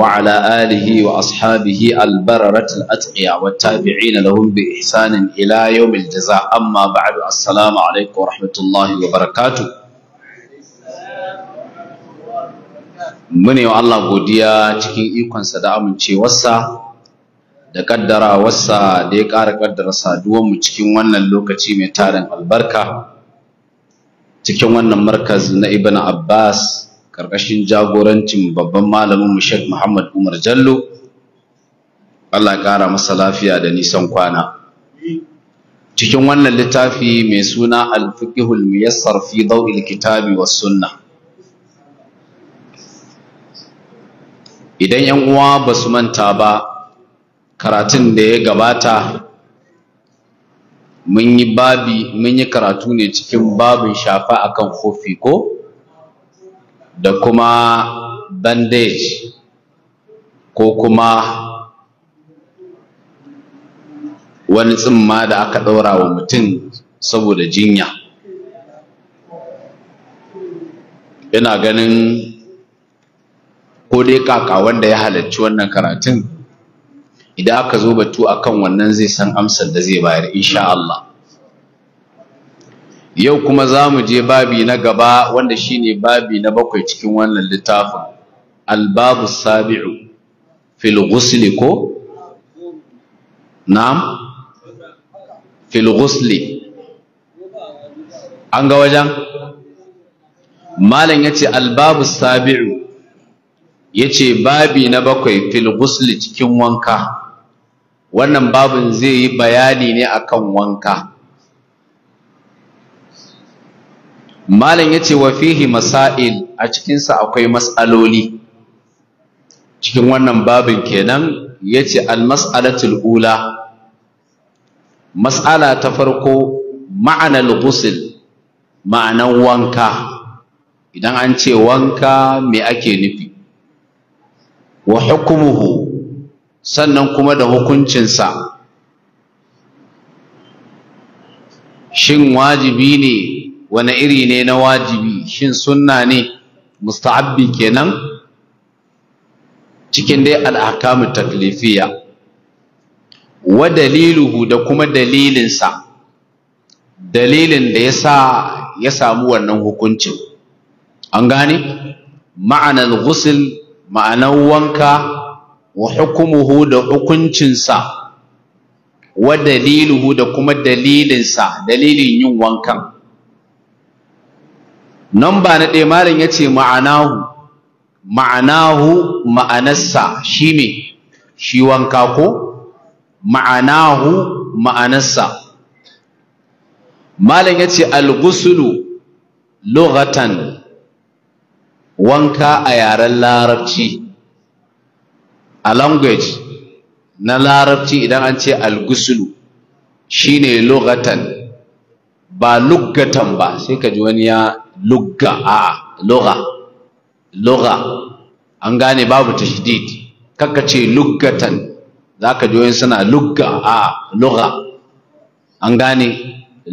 وعلى آله وأصحابه البررة الأتقياء والتابعين لهم بإحسان إلى يوم الجزاء أما بعد السلام عليكم ورحمة الله وبركاته mune wa Allah godiya cikin ikonsa da amincewarsa da ƙaddarawarsa da ya ƙara ƙaddara saduwar mu cikin wannan lokaci mai tarin albarka cikin wannan markaz na Ibn Abbas Ƙarƙashin jagorancin babban malamin mu Sheikh Muhammad Umar Jallo Allah ya masa lafiya da nisan kwana cikin wannan littafi mai suna al-fiqhul muyassar fi dawil kitabi was sunna. idan yan uwa ba su manta ba karatun da ya gabata mun yi babi mun yi karatu ne cikin babin shafa akan kofi ko da kuma bandage ko kuma wani tsimma da aka ɗaura wa mutum saboda jinya ina ganin ko dai kaka wanda ya halarci wannan karatun idan aka zo batu akan wannan zai san amsar da zai bayar insha Allah yau kuma za mu je babi na gaba wanda shi ne babi na bakwai cikin wannan littafin albabu sabi'u Filgusli ko na'am Filgusli. an ga wajen malam ce albabu sabi'u ce babi na bakwai Filgusli cikin wanka wannan babin zai yi bayani ne akan wanka malam yace wa fihi masail a cikinsa akwai mas'aloli cikin wannan babin kenan yace al mas'alatul ula mas'ala ta farko ma'anar ghusl ma'anan wanka idan an ce wanka me ake nufi wa hukumuhu sannan kuma da hukuncinsa shin wajibi ne wani iri ne na wajibi shin sunna ne musta'abbi kenan cikin dai al'akamu taklifiya wa daliluhu da kuma dalilinsa dalilin da ya sa ya samu wannan hukuncin an gane ma'anar ghusl ma'anar wanka wa hukumuhu da hukuncinsa wa daliluhu da kuma dalilinsa dalilin yin wankan nan ba na ɗaya malam ya ce ma'anahu ma'anahu ma'anarsa shi ne shi wanka ko ma'anahu ma'anarsa malam ya ce alghusulu lughatan wanka a yaren larabci a language na larabci idan an ce shi ne lughatan ba luggatan ba sai ka ji wani ya lugga a lugha lugha an gane babu tashdid kaka ce luggatan zaka ji wani suna lugga a lugha an gane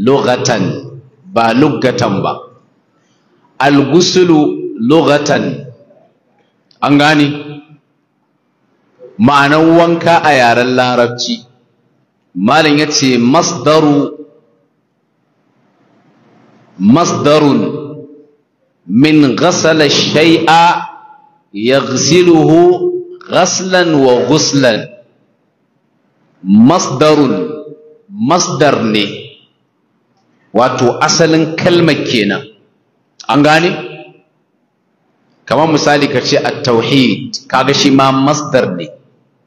lughatan ba luggatan ba al-ghuslu lughatan an gane ma'anar wanka a yaren larabci malin ya ce masdaru masdarun min ghasala shay'a yaghsiluhu ghaslan wa ghuslan masdarun masdar ne wato asalin kalmar kenan an gane kamar misali ka ce at-tauhid kaga shi ma masdar ne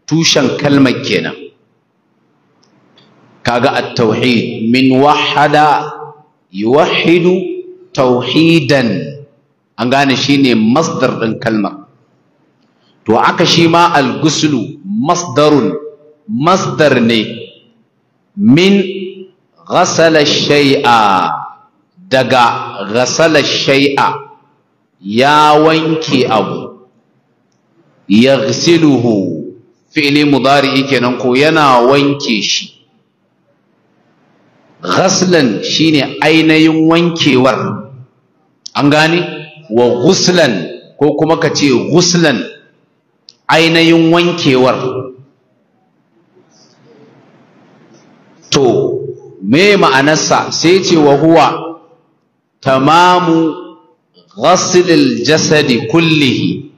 tushen kalma kenan kaga at-tauhid min wahada yuwahhidu tauhidan an gane ne masdar ɗin kalmar to aka shi ma al masdarun masdar ne min ghasala shay'a daga ghasala shai'a ya wanke abu yaghsiluhu fi'li mudari'i kenan ko yana wanke shi ghaslan shine ainihin wankewar an gane wa ghuslan ko kuma ka ce ghuslan ainihin wankewar to me ma'anarsa sai ce wa huwa tamamu ghasilil jasadi kullihi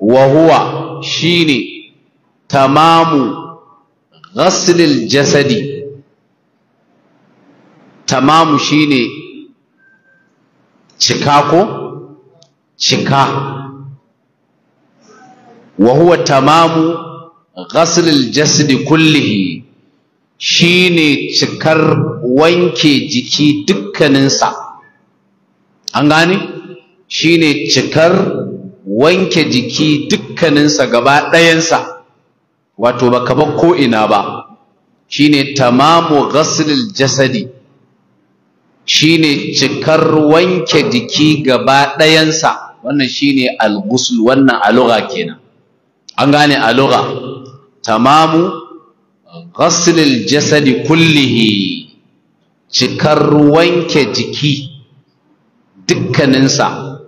wa huwa shine tamamu ghasilil jasadi tamamu shine cika ko cika wa huwa tamamu ghaslil jasadi kullihi shine cikar wanke jiki dukkaninsa an gane shine cikar wanke jiki dukkaninsa gaba ɗayansa wato baka ba ko ina ba shine tamamu ghaslil jasadi shine cikar wanke jiki gaba ɗayansa wannan shine al-ghusl wannan a kenan an gane a tamamu ghaslil jasadi kullihi cikar wanke jiki dukkaninsa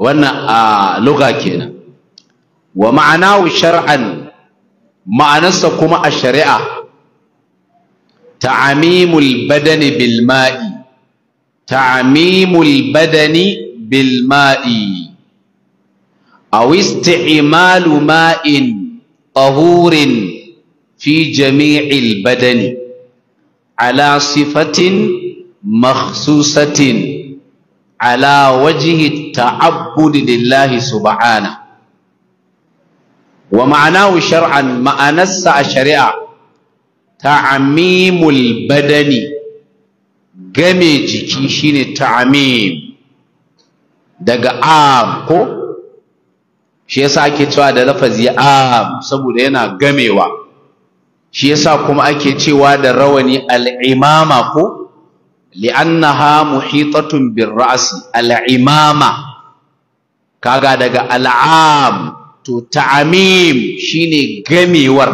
wannan a lugha kenan wa ma'anahu shar'an ma'anarsa kuma a shari'a ta'amimul badani bil ma'i ta'amimul badani بالماء أو استعمال ماء طهور في جميع البدن على صفة مخصوصة على وجه التعبد لله سبحانه ومعناه شرعا معنى الشريعة تعميم البدن game jiki shine ta'amim daga am ko shi yasa ake cewa da lafazi am saboda yana gamewa shi yasa kuma ake cewa da rawani al'imama ko li'annaha muhitatun bir al al'imama kaga daga al'am to ta'amim shine gamewar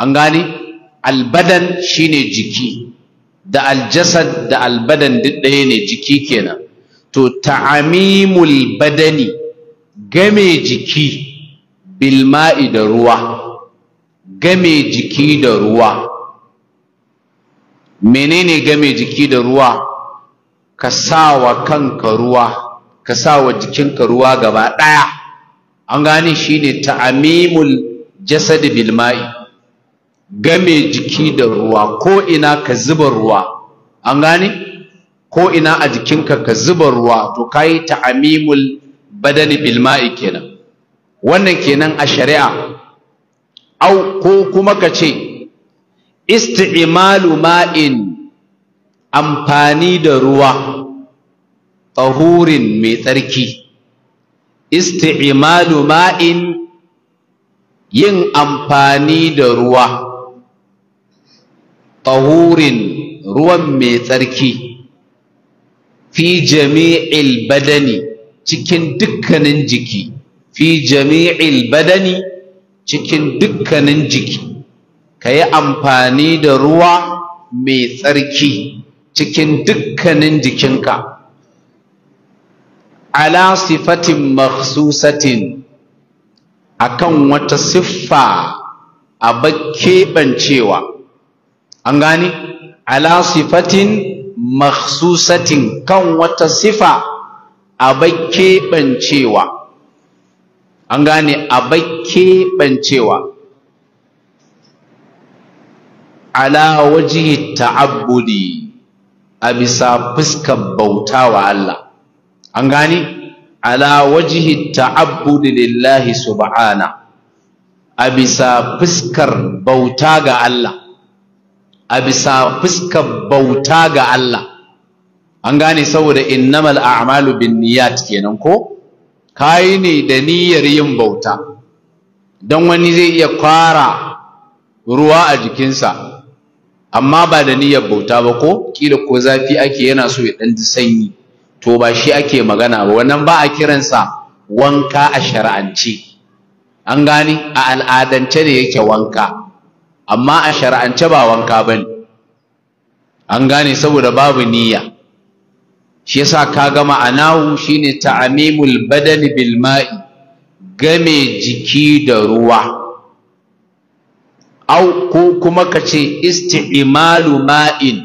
an gane albadan shine jiki da aljasad da albadan duk ɗaya ne jiki kenan to ta'amimul badani game jiki bilma'i da ruwa game jiki da ruwa menene game jiki da ruwa ka sawa kanka ruwa ka sawa jikinka ruwa gaba ɗaya an gane shine ta'amimul jasad bilma'i game jiki da ruwa ko ina ka zuba ruwa an gane ko ina a jikinka ka zuba ruwa to kai ta'amimul badani bil ma'i kenan wannan kenan a shari'a au ko kuma ka ce isti'malu ma'in amfani da ruwa tahurin mai tsarki isti'malu ma'in yin amfani da ruwa tahurin ruwan mai tsarki fi jami'il badani cikin dukkanin jiki fi jami'il badani cikin dukkanin jiki ka yi amfani da ruwa mai tsarki cikin dukkanin jikinka ala sifatin makhsusatin akan wata siffa a keɓancewa an gani ala sifatin makhsusatin kan wata sifa abai keɓancewa an gane abai keɓancewa ala wajihi ta'abbudi a bisa fuskar bauta wa Allah an gane ala ta'abbudi lillahi subhana a bisa fuskar bauta ga Allah a bisa fuskar bauta ga Allah an gane saboda innamal a'malu binniyat kenan ko kai ne da niyyar yin bauta dan wani zai iya kwara ruwa a jikinsa amma ba da niyyar bauta ba ko kila ko zafi ake yana so ya dan ji sanyi to ba shi ake magana ba wannan ba a kiransa wanka a shar'ance an gane a al'adance ne yake wanka amma a shari'ance ba wanka bane an gane saboda babu niyya shi yasa kaga ma'anahu shine ta'amimul badani bil ma'i game jiki da ruwa au ko kuma kace isti'malu ma'in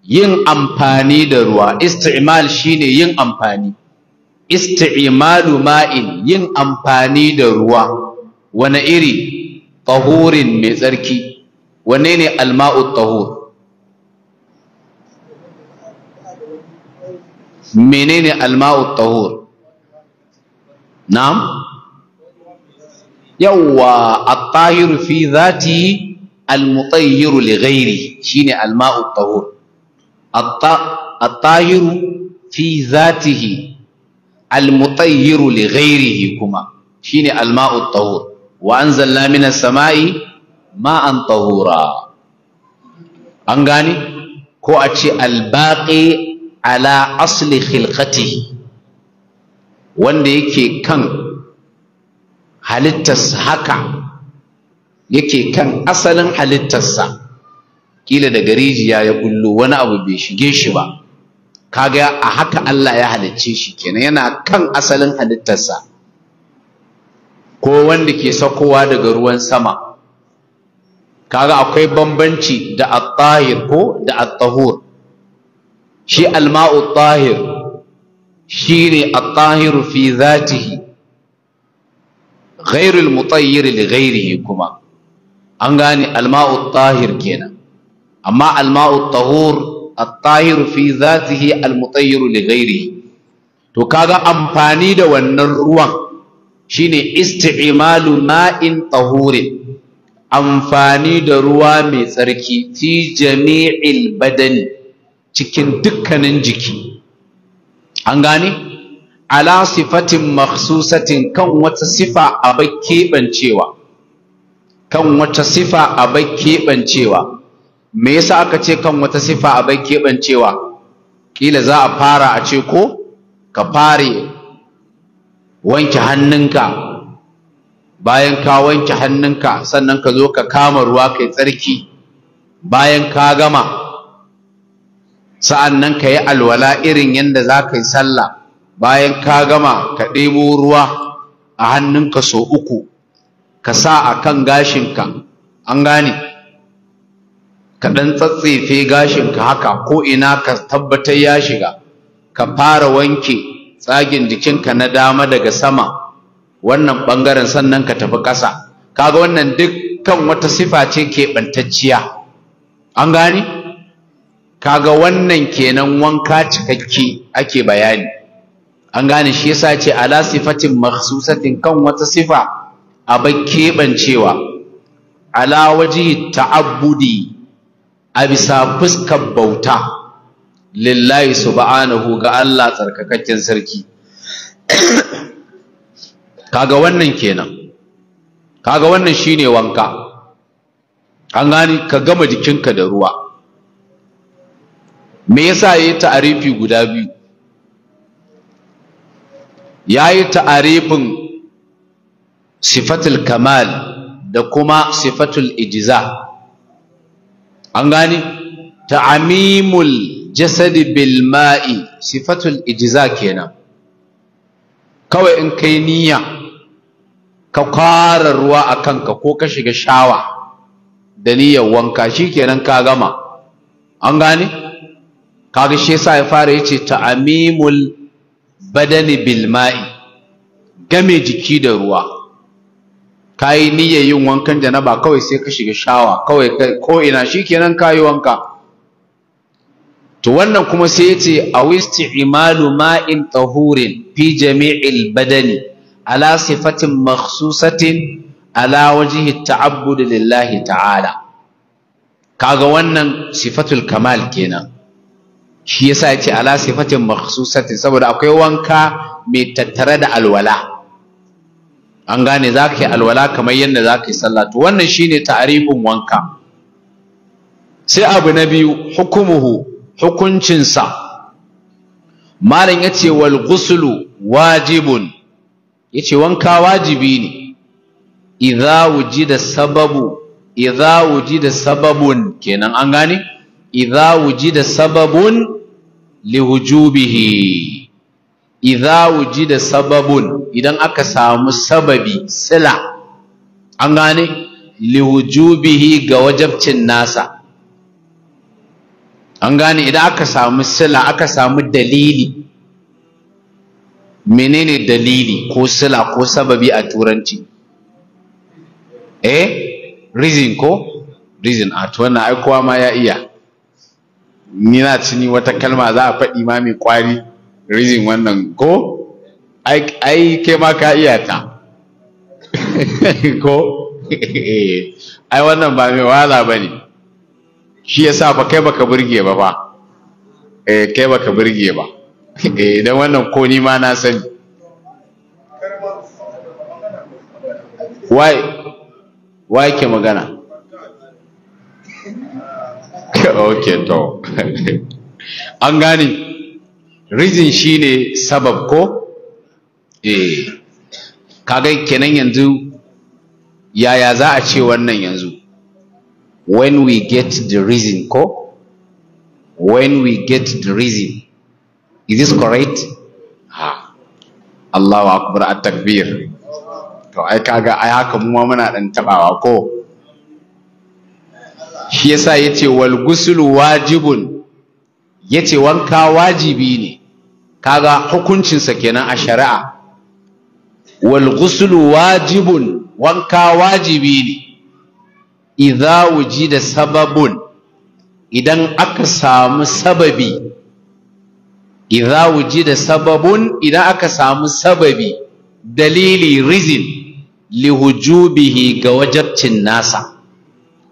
yin amfani da ruwa isti'mal shine yin amfani isti'malu ma'in yin amfani da ruwa wani iri tahurin mai tsarki wanne ne alma'u tahur menene alma'u tahur na'am yawwa at-tahiru fi dhatihi al-mutayyiru li ghairi shine al tahur at-tahiru fi zatihi al-mutayyiru li ghairihi kuma shine al tahur wa anzalna minas sama'i ma'an tahura an gane ko a ce albaƙi ala asli khilqati wanda yake kan halittarsa haka yake kan asalin halittarsa kila daga rijiya ya kullu wani abu bai shige shi ba kaga a haka Allah ya halicce shi kenan yana kan asalin halittarsa ko wanda ke sakowa daga ruwan sama kaga akwai bambanci da at-tahir ko da at-tahur shi al-ma'u at-tahir shine at-tahir fi zatihi ghairul mutayyir li ghairihi kuma an gane alma'u tahir kenan amma alma'u tahur at-tahir fi zatihi al-mutayyir li ghairihi to kaga amfani da wannan ruwan shine isti'malu ma'in tahurin amfani da ruwa mai tsarki fi jami'il badani cikin dukkanin jiki an gane ala sifatin makhsusatin kan wata sifa a bai keɓancewa kan wata sifa a bai keɓancewa me yasa aka ce kan wata sifa a bai keɓancewa kila za a fara a ce ko ka fare wanke hannunka bayan ka wanke hannunka sannan ka zo ka kama ruwa kai tsarki bayan ka gama sa'an ka yi alwala irin yadda za ka yi sallah bayan ka gama ka ɗebo ruwa a hannunka so uku ka sa a kan gashinka an gane ka ɗan tsatsefe gashinka haka ko ina ka tabbatar ya shiga ka fara wanke tsagin jikinka na dama daga sama wannan ɓangaren sannan ka tafi ƙasa kaga wannan dukkan wata sifa ce keɓantacciya an gane kaga wannan kenan wanka cikakke ake bayani an gane shi yasa ce ala sifatin makhsusatin kan wata sifa a bai keɓancewa ala wajihi ta'abbudi a bisa fuskar bauta lillahi subhanahu ga Allah tsarkakakken sarki kaga wannan kenan kaga wannan shine wanka an gani ka gama jikinka da ruwa me yasa yayi ta'arifi guda biyu yayi ta'arifin sifatul kamal da kuma sifatul ijza an gani ta'amimul jasadi bilma'i, sifatul ijza kenan kawai in kai niyya ka kwara ruwa a kanka ko ka shiga shawa da niyyar wanka kenan ka gama an gane kaga shi yasa ya fara ce ta'amimul badani bilma'i game jiki da ruwa ka yi niyyar yin wankan janaba kawai sai ka shiga shawa kawai ko ina shikenan ka yi wanka to wannan kuma sai ya ce a wisti imalu ma'in tahurin fi jami'il badani ala sifatin makhsusatin ala wajihi ta'abbudu lillahi ta'ala kaga wannan sifatul kamal kenan shi yasa ya ce ala sifatin makhsusatin saboda akwai wanka mai tattare da alwala an gane za ka yi alwala kamar yadda za ka yi sallah to wannan ne ta'arifin wanka sai abu na biyu hukumuhu hukuncinsa malam ya ce wal ghuslu wajibun ya ce wanka wajibi ne idza wujida sababu idza wujida sababun kenan an gane idza wujida sababun wujubihi idza wujida sababun idan aka samu sababi sila an gane wujubihi ga wajabcin nasa an gane idan aka samu sila aka samu dalili menene dalili ko sila ko sababi a turanci eh reason ko reason a wannan ai kowa ma ya iya ni na ci ni wata kalma za a faɗi ma mai kwari reason wannan ko ai ke ma ka iya ta ko ai wannan ba mai wahala ba ne shi ya sa ba kai baka burge ba ba eh kai baka burge ba eh dan wannan ko ni ma na sani wai wai ke magana okay to an gane reason shine sabab ko eh kaga kenan yanzu yaya za a ce wannan yanzu when we get the reason ko when we get the reason is this correct ha Allahu akbar at takbir to ai kaga ai haka mu ma muna dan tabawa ko shi yasa yace wal guslu wajibun yace wanka wajibi ne kaga hukuncinsa kenan a shari'a wal guslu wajibun wanka wajibi ne idza wujida sababun idan aka samu sababi idza wujida sababun idan aka samu sababi dalili reason lihujubihi ga wajabcin nasa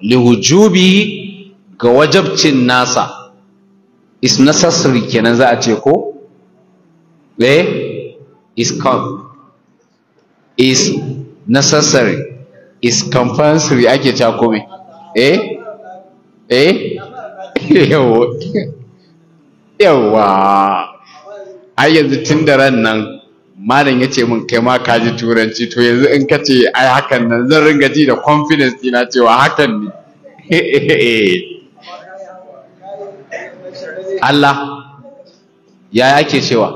lihujubihi ga wajabcin nasa is necessary kenan za a ce ko eh is come is necessary is compulsory ake cewa kome eh eh yawa ai yanzu tun da ran nan malam ya ce min kai ma ka ji turanci to yanzu in ka ce ai hakan nan zan ringa ji da confidence dina cewa hakan ne Allah ya ake cewa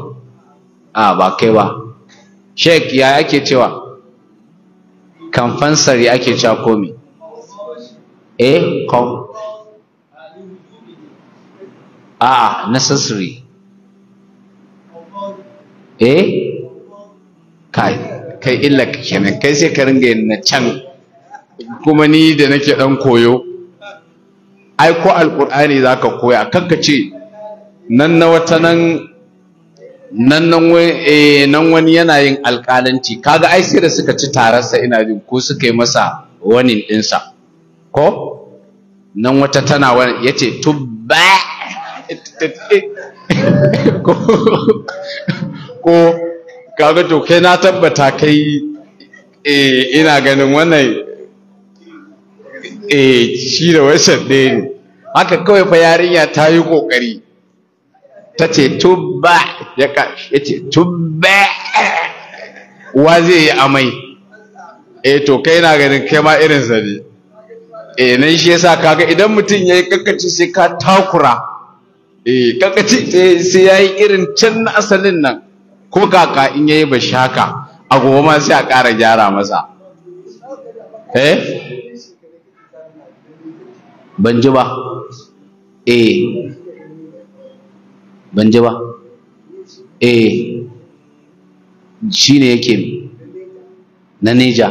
a ba kai ba shek ya ake cewa kamfansari ake cewa komi eh kom a'a necessary eh kai kai illa kenan kai sai ka ringa yana na can kuma ni da nake dan koyo ai ko alqur'ani zaka koya kanka ce nan na wata nan nan eh, nan wani yana yin alƙalanci kaga ai sai da suka ci tararsa ina jin ko suka yi masa wani ɗinsa ko nan wata tana wani ya ce tubba ko kaga to kai na tabbata kai eh, ina ganin wannan eh, shi da wasan ɗaya ne haka kawai fa yarinya ta yi ƙoƙari ta ce tubba ya ce tubba wa zai yi amai eh to kai na ganin kai ma irin ne eh nan shi yasa kaga idan mutum ya yi kakkaci sai ka takura eh kakkaci eh sai ya yi irin can na asalin nan ko kaka in ya yayi bashaka a gobe ma sai a ƙara gyara masa eh ban ji ba eh ban ji ba eh shi ne yake na neja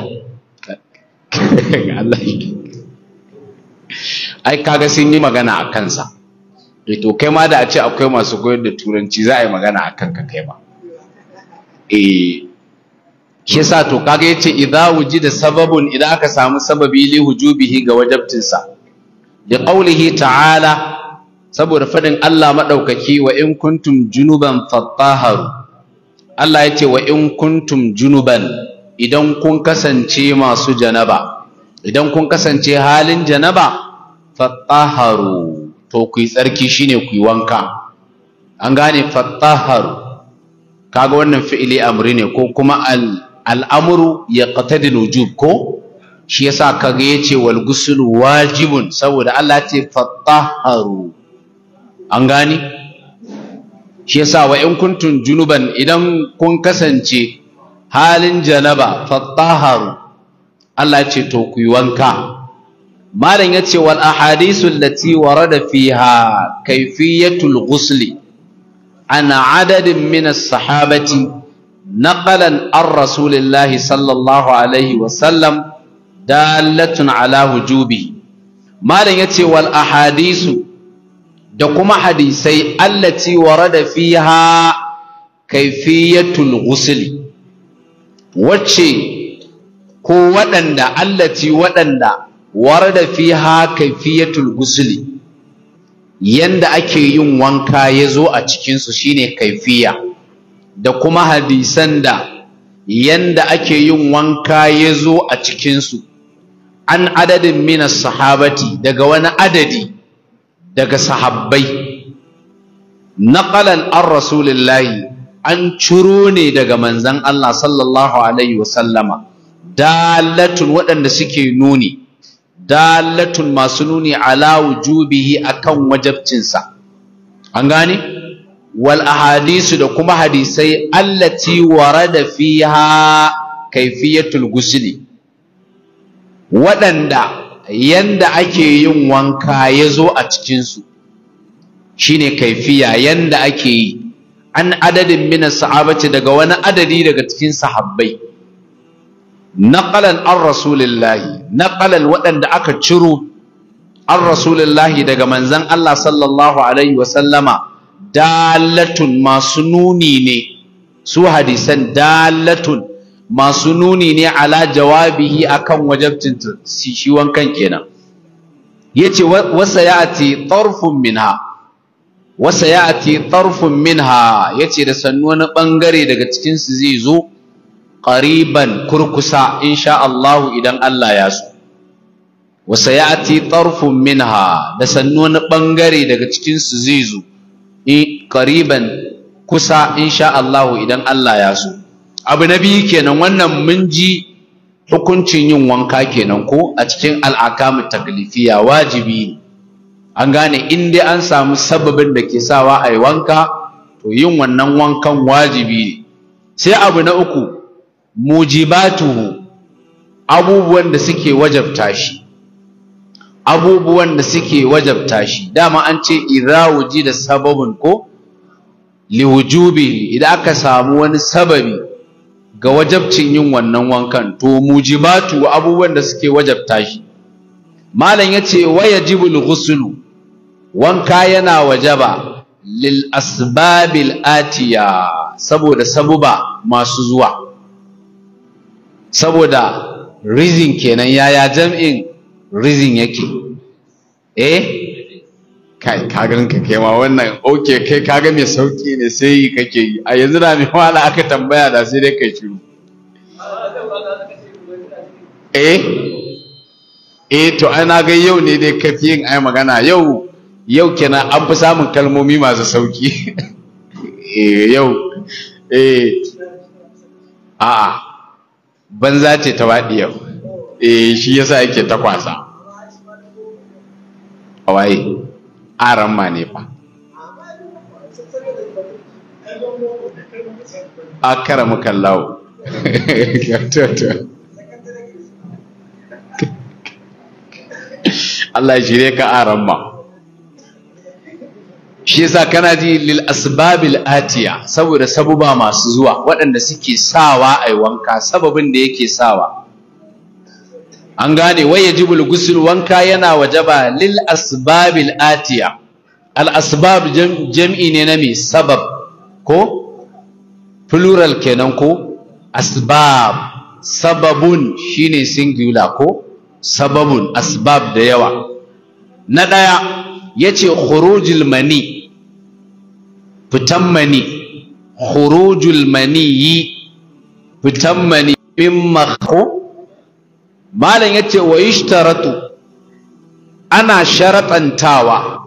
ai kaga sun yi magana a kansa eh, to kai ma da a ce akwai masu koyar da turanci za a yi magana a kanka kai ma eh shi sa to kaga yace idza wujida sababun idan aka samu sababi li hujubihi ga wajabtinsa da qawlihi ta'ala saboda fadin Allah maɗaukaki, wa in kuntum junuban fattaharu Allah yace wa in kuntum junuban idan kun kasance masu janaba idan kun kasance halin janaba fattaharu to ku yi tsarki shine ku yi wanka an gane fattaharu kaga wannan fi'ili amri ne ko kuma al al'amuru ya qatadi wujub ko shi yasa kaga yace wal ghuslu wajibun saboda Allah ya ce fattaharu an gani shi yasa wa in kuntum junuban idan kun kasance halin janaba fattaharu Allah ce to ku yi wanka malam yace wal ahadisu allati warada fiha kayfiyatul ghusli an adadin min as-sahabati نقلا عن رسول الله صلى الله عليه وسلم دالة على وجوبه ما لن يتي والأحاديث da kuma hadisai allati warada fiha kaifiyatul ghusl wacce ko waɗanda allati waɗanda warada fiha kaifiyatul ghusl yanda ake yin wanka yazo zo a cikinsu shine kaifiya da kuma hadisan da yanda ake yin wanka yazo zo a cikinsu an adadin minas sahabati daga wani adadi daga sahabbai naqalan an rasulillahi an ciro ne daga manzan Allah sallallahu alaihi wasallama dalatun waɗanda suke nuni dalatun masu nuni ala wujubihi akan wajabcinsa an gane wal ahadisu da kuma hadisai allati warada fiha kaifiyatul gusli waɗanda yanda ake yin wanka ya zo a cikinsu shine kaifiya yanda ake yi an adadin mina sahabati daga wani adadi daga cikin sahabbai Na ƙalal an rasulillahi ƙalal waɗanda aka ciro an rasulillahi daga manzan Allah sallallahu alaihi wasallama dalatun masu nuni ne su hadisan dalatun masu nuni ne ala jawabihi akan wajabcin shi wankan kenan yace wasa ya'ti tarfun minha wasa ya'ti tarfun minha yace da sannu wani bangare daga cikin su zai zo qariban kurkusa insha Allah idan Allah ya so wasa ya'ti tarfun minha da sannu wani bangare daga cikin su zai zo qariban kusa insha Allah idan Allah ya so abu na biyu kenan wannan mun ji hukuncin yin wanka kenan ko a cikin al'akamu taklifiya wajibi an gane in dai an samu sababin da ke sawa a yi wanka to yin wannan wankan wajibi sai abu na uku mujibatuhu abubuwan da suke wajabta shi abubuwan da suke wajabta shi dama an ce wuji da sababin ko liwujubihi idan aka samu wani sababi ga wajabcin yin wannan wankan to mujibatu abubuwan da suke wajabta shi malam yace wayajibul ghuslu wanka yana wajaba lil asbabil atiya saboda sabuba masu zuwa saboda reason kenan yaya jam'in reason yake eh kai kagan ka kai ma wannan oke kai kaga mai sauki ne sai yi kake yi a yanzu da mai wala aka tambaya da sai dai kai shiru eh eh to ana ga yau ne dai kafi yin ai magana yau yau kenan an fi samun kalmomi masu sauki eh yau eh a'a banza ce ta waɗi yau eh shi yasa yake ta kwasa a waye aran mane fa a kara Allah ya shirye ka ma. shi yasa kana ji lil asbabil atiya saboda sabuba masu zuwa waɗanda suke sawa ai wanka sababin da yake sawa an gane wai ya jibul gusul wanka yana wajaba lil asbabil atiya al asbab jam'i ne na mai sabab ko plural kenan ko asbab sababun shine singular ko sababun asbab da yawa na daya yace khurujul mani fitan mani khurujul mani fitan mani mimma ko malam yace wa yishtaratu ana sharatantawa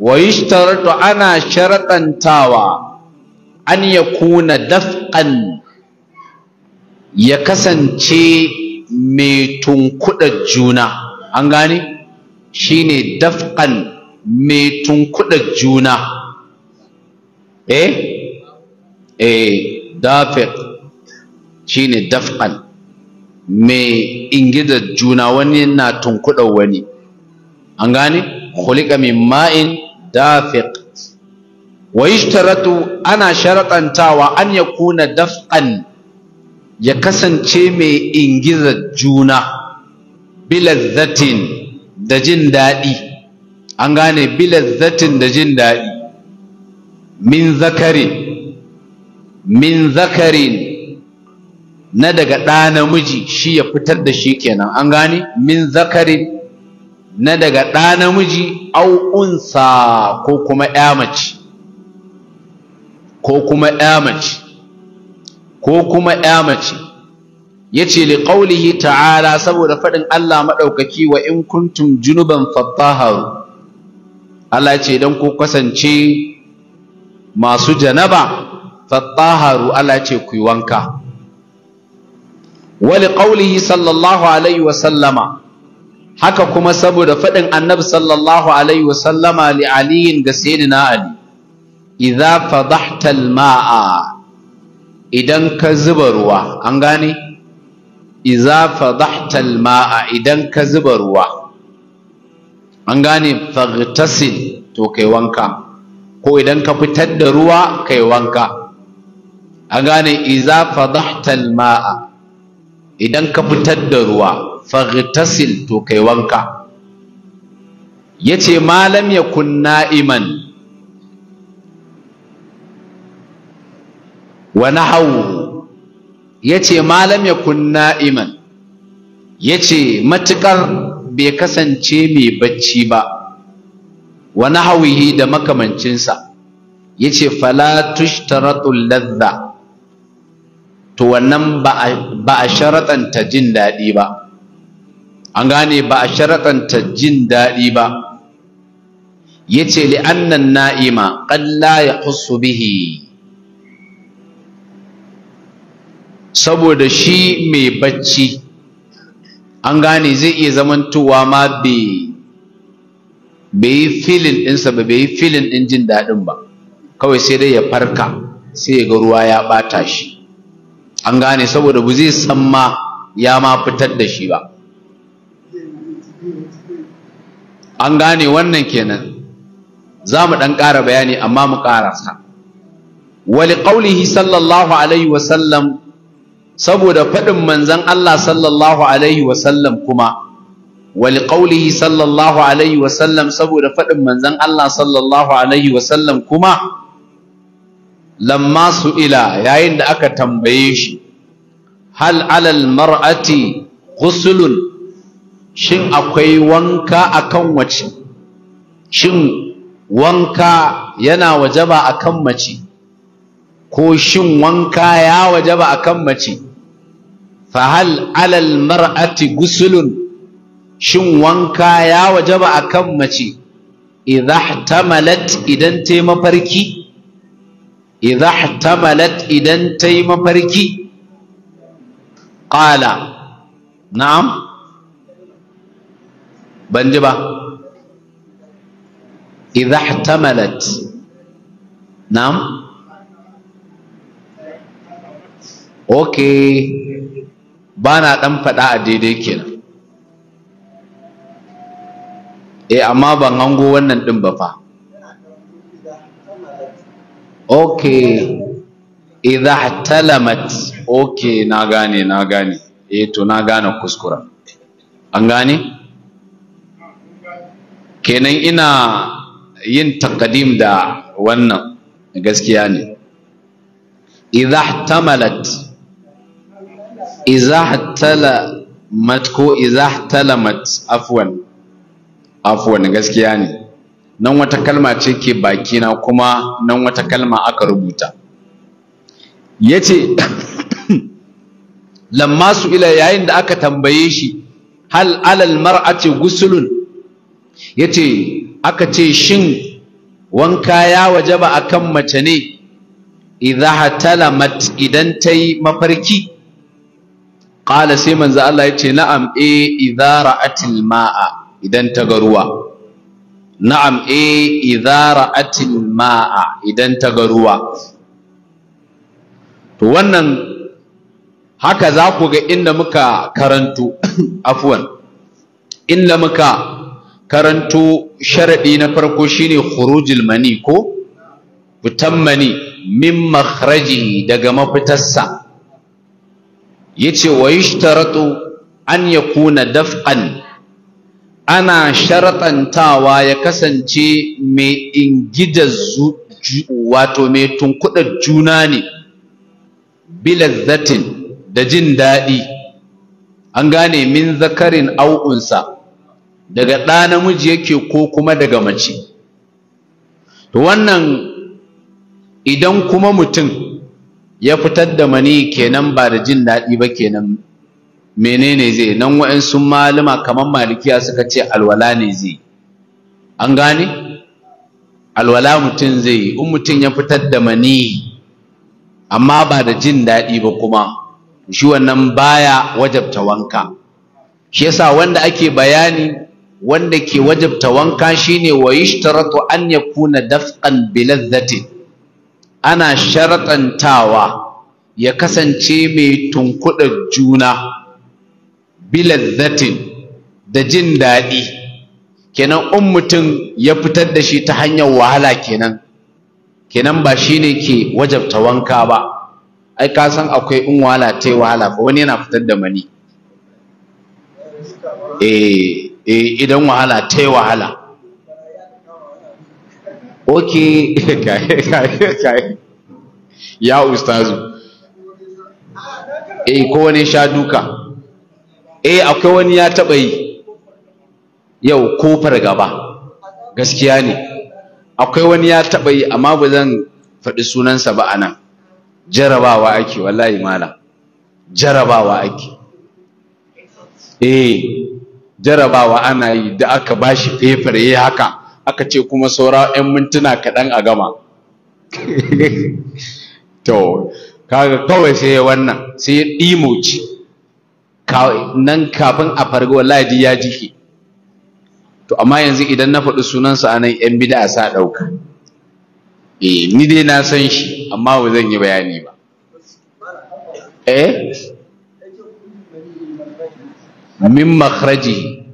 wa yishtaratu ana sharatantawa an yakuna dafƙan ya kasance mai tunkuɗa juna an gane shine dafƙan mai tunkuɗa juna eh eh dafiq shine daf'an mai ingida juna wani na tunkuɗa wani an gane khuliqa min ma'in dafiq wa yishtaratu ana sharatantawa an yakuna dafqan ya kasance mai ingida juna bilazzatin da jin daɗi an gane bilazzatin da jin daɗi min zakarin min zakarin na daga ɗa namiji shi ya fitar da shi kenan an gani? min zakarin na daga ɗa namiji au unsa ko kuma ƴa mace ko kuma ƴa mace ko kuma ƴa mace yace li qaulihi ta'ala saboda faɗin Allah madaukaki wa in kuntum junuban fattaharu Allah ce dan ku kasance masu janaba fattaharu Allah ce ku yi wanka wali qaulihi sallallahu alaihi wa sallama haka kuma saboda faɗin annabi sallallahu alaihi wa sallama li aliyin ga sayyidina ali idza fadahta al-ma'a idan ka zuba ruwa an gane idza fadahta to kai wanka ko idan ka da ruwa kai wanka an gane maa idan ka fitar da ruwa faghtasil to kai wanka yace malam kun na'iman wa nahawu yace malam kun na'iman yace matukar bai kasance mai bacci ba wa nahawihi da makamancinsa yace fala tushtaratul ladha to wannan ba a sharaɗanta jin daɗi ba an gane ba a sharaɗanta jin daɗi ba ya ce li'annan na'ima ƙalla ya husu bihi saboda shi mai bacci an gane zai iya zamantowa ma bai yi filin ɗinsa ba bai yi filin ɗin jin daɗin ba kawai sai dai ya farka sai ya ga ruwa ya ɓata shi an gane saboda bu zai san ma ya ma fitar da shi ba an gane wannan kenan za mu ɗan ƙara bayani amma mu ƙarasa wali ƙaunihi sallallahu alaihi wasallam saboda faɗin manzan Allah sallallahu alaihi wasallam kuma wali ƙaunihi sallallahu alaihi wasallam saboda faɗin manzan Allah sallallahu alaihi wasallam kuma lamma su'ila yayin da aka tambaye shi hal alal mar'ati ghuslun shin akwai wanka akan wace shin wanka yana wajaba akan mace ko shin wanka ya wajaba akan mace fa hal alal mar'ati ghuslun shin wanka ya wajaba akan mace idha ihtamalat idan ta mafarki idza ihtamalat idan ta yi mafarki qala na'am ban ji ba idza ihtamalat na'am okay ba dan faɗa a daidai kenan eh amma ban hango wannan din ba fa okay idha talamat okay na gane na gane eh to na gane kuskura an gane kenan ina yin takadim da wannan gaskiya ne idha tamalat idha talamat ko idha talamat afwan afwan gaskiya ne nan wata kalma ce ke bakina kuma nan wata kalma aka rubuta ya ce lamma su ila yayin da aka tambaye shi hal alal mar'ati gusulun ya ce aka ce shin wanka ya waje wajaba akan mace ne idza hatalamat idan ta yi mafarki qala sai manzo Allah ya ce na'am eh idza ra'atil ma'a idan ta ga ruwa na'am eh idza ra'atil ma'a idan ta ga ruwa to wannan haka za ku ga inda muka karanto afwan inda muka karanto sharadi na farko shine khurujul mani ko fitan mani min makhrajihi daga mafitarsa yace wa yushtaratu an yakuna daf'an ana sharatantawa ya kasance mai ingida wato mai tunkuɗar juna ne bilazzatin da jin daɗi an gane min zakarin au'unsa daga ɗa namiji yake ko kuma daga mace to wannan idan kuma mutum ya fitar da mani kenan ba da jin daɗi ba kenan menene zai nan sun malama kamar malikiya suka ce alwala ne zai an gane alwala mutum zai in mutum ya fitar da mani amma ba da jin daɗi ba kuma shi wannan baya wajabta wanka shi yasa wanda ake bayani wanda ke wajabta wanka shine wa yishtaratu an yakuna dafqan bilazzati ana sharatantawa ya kasance mai tunkuɗar juna bilazzatin da jin daɗi kenan in mutum ya fitar da shi ta hanyar wahala kenan kenan ba shi ne ke wajabta wanka ba ai ka san akwai in wahala ta yi wahala ba wani yana fitar da mani e idan wahala ta yi wahala ok ya ustazu E, ko wani sha duka eh akwai wani ya taɓa yi yau ko fargaba gaskiya ne akwai wani ya taɓa yi amma ba zan faɗi sunansa ba a nan jarabawa ake wallahi mala jarabawa ake eh jarabawa ana yi da aka bashi fefar yayi haka aka ce kuma saura 'yan mintuna kaɗan a gama to kaga kawai sai wannan sai ya ɗimoci nan kafin a fargo wallahi ya jike to amma yanzu idan na faɗi sunansa a nan yan bid'a sa ɗauka eh ni dai na san shi amma ba zan yi bayani ba eh min makhraji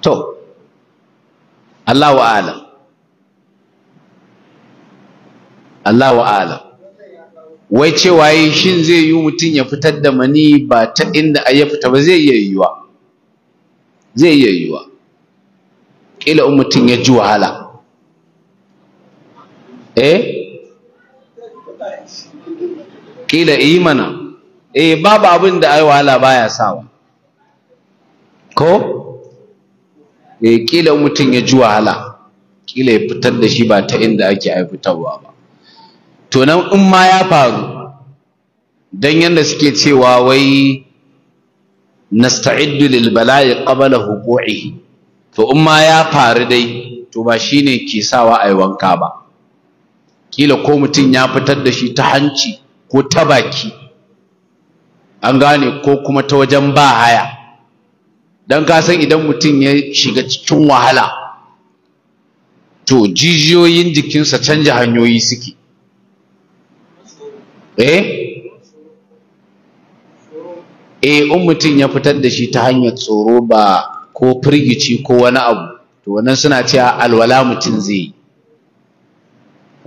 to Allahu a'lam Allahu a'lam wai ce yi shin zai yi mutum ya fitar da mani ba ta inda a ya fita ba zai iya yiwa zai iya yiwa ƙila in mutum ya ji wahala eh ƙila yi mana eh babu abin da ai wahala baya sawa ko eh ƙila mutum ya ji wahala ƙila ya fitar da shi ba ta inda ake ai fitarwa ba to nan in ma ya faru dan yanda suke cewa wai nasta'iddu lil bala'i qabla huquqihi to in ma ya faru dai to ba shine ke sawa ai wanka ba kila ko mutum ya fitar da shi ta hanci ko ta baki an gane ko kuma ta wajen ba haya Dan ka san idan mutum ya shiga cikin wahala to jijiyoyin jikinsa canja hanyoyi suke eh eh in mutum ya fitar da shi ta hanyar tsoro ba ko firgici ko wani abu to wannan suna cewa alwala mutum zai yi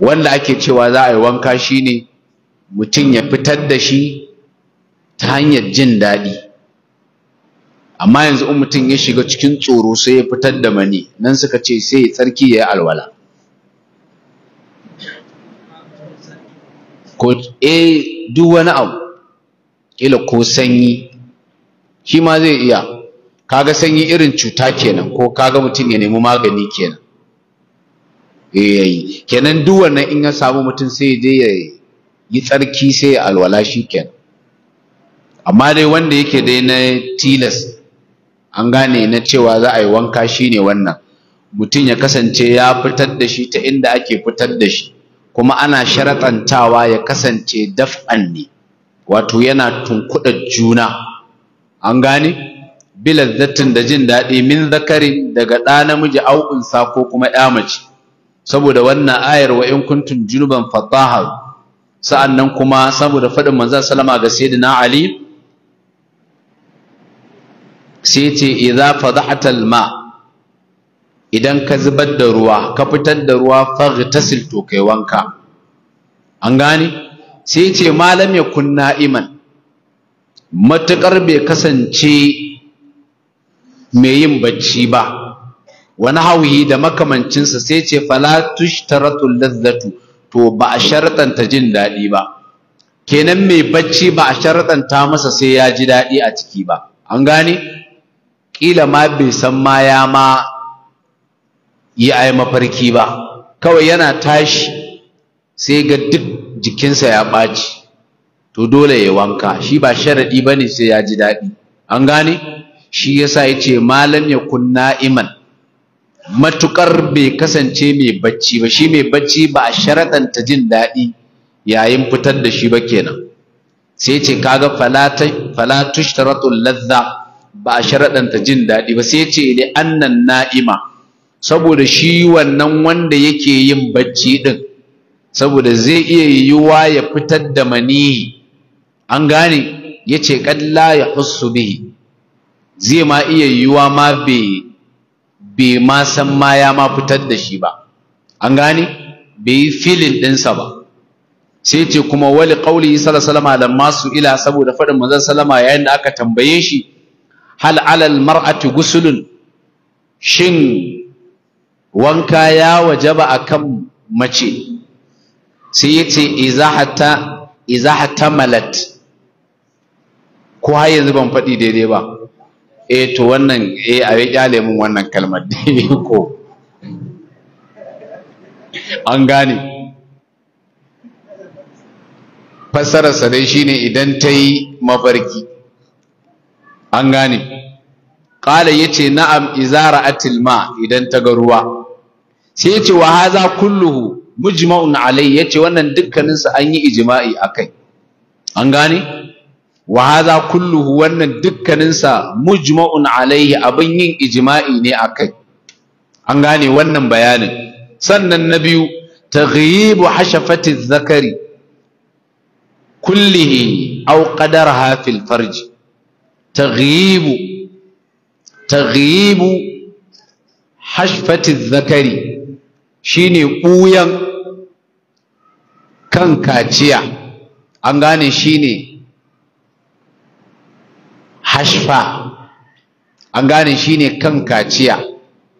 wanda ake cewa za a yi wanka shine mutum ya fitar da shi ta hanyar jin daɗi amma yanzu in mutum ya shiga cikin tsoro sai ya fitar da mani nan suka ce sai ya tsarki ya yi alwala ko eh duk wani abu kila ko sanyi shi ma zai iya kaga sanyi irin cuta kenan ko kaga mutum ya nemi magani kenan eh yayi kenan duk wannan in ya samu mutum sai je ya yi tsarki sai ya alwala shi kenan amma dai wanda yake dai na tilas an gane na cewa za a yi wanka shine wannan mutum ya kasance ya fitar da shi ta inda ake fitar da shi kuma ana sharaɗantawa ya kasance daf'an ne wato yana tunkuɗa juna an gane bilazzatin da jin daɗi min zakarin daga ɗa namiji au'un ko kuma ƴa mace saboda wannan ayar wa in kuntum junuban fatahar sa'annan kuma saboda faɗin manzon salama ga sayyidina ali sai ce idza fadhatal ma' idan ka zubar da ruwa ka fitar da ruwa faghtasil to kai wanka an gane sai ce malam ya kunna iman matukar bai kasance mai yin bacci ba wani hauyi da makamancinsa sai ce fala tushtaratul lazzatu to ba a ta jin daɗi ba kenan mai bacci ba a ta masa sai ya ji daɗi a ciki ba an gane ƙila ma bai san ma ya ma yi ai mafarki ba kawai yana tashi sai ga duk jikinsa ya ɓaci to dole ya wanka shi ba sharaɗi ba ne sai ya ji daɗi an gane shi yasa ya ce malam ya kunna iman matuƙar bai kasance mai bacci ba shi mai bacci ba a sharaɗanta jin daɗi yayin fitar da shi ba kenan sai ce kaga fala tushtaratu ladza ba a sharaɗanta jin daɗi ba sai ce li annan na'ima saboda shi wannan wanda yake yin bacci din saboda zai iya yiwuwa ya fitar da manihi an gane ya ce ƙalla ya husu bihi zai ma iya yiwuwa ma bai ma san ma ya ma fitar da shi ba an gane bai yi filin ɗinsa ba sai ce kuma wali ƙauli salama da masu ila saboda faɗin manzon salama yayin da aka tambaye shi hal alal mar'ati gusulun shin wanka ya wajaba akan mace sai yace izahata izahata malat ko har yanzu ban faɗi daidai ba eh to wannan eh a yi kyale mun wannan kalmar ko an gane sa dai shine idan ta yi mafarki an gane ƙala ya ce na'am izara ma idan ta ga ruwa sai yace wa hadha kulluhu mujma'un alai yace wannan dukkanin su an yi ijma'i akai an gane wa kulluhu wannan dukkanin sa mujma'un alaihi abin yin ijma'i ne akai an gane wannan bayanin sannan na biyu taghyibu hashafati zakari kullihi aw qadarha fil farji taghyibu taghyibu hashfati zakari shine ɓuyan kan kaciya an gane shine hashfa an gane shine kan kaciya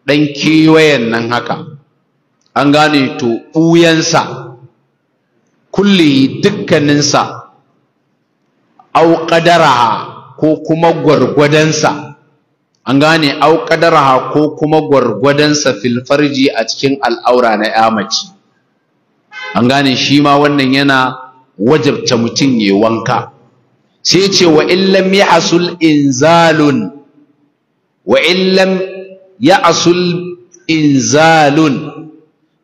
ɗan kewayen nan haka an gane to ɓuyansa kulli dukkaninsa au ƙadaraha ko kuma gwargwadonsa an gane au ko kuma gwargwadon sa a cikin al'aura na ya mace an gane shi ma wannan yana wajabta mutum ya wanka sai ce wa illam ya'sul inzalun wa illam ya'sul inzalun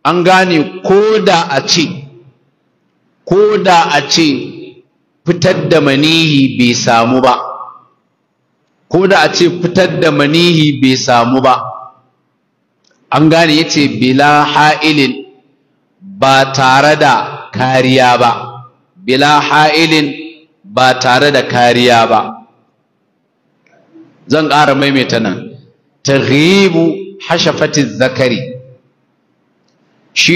an gane ko da a ce ko a ce fitar da manihi bai samu ba ko da a ce fitar da manihi bai samu ba an gane ya ce bila ha'ilin ba tare da kariya ba bila ha'ilin ba tare da kariya ba zan ƙara maimaita nan Ta taghibu hashafati zakari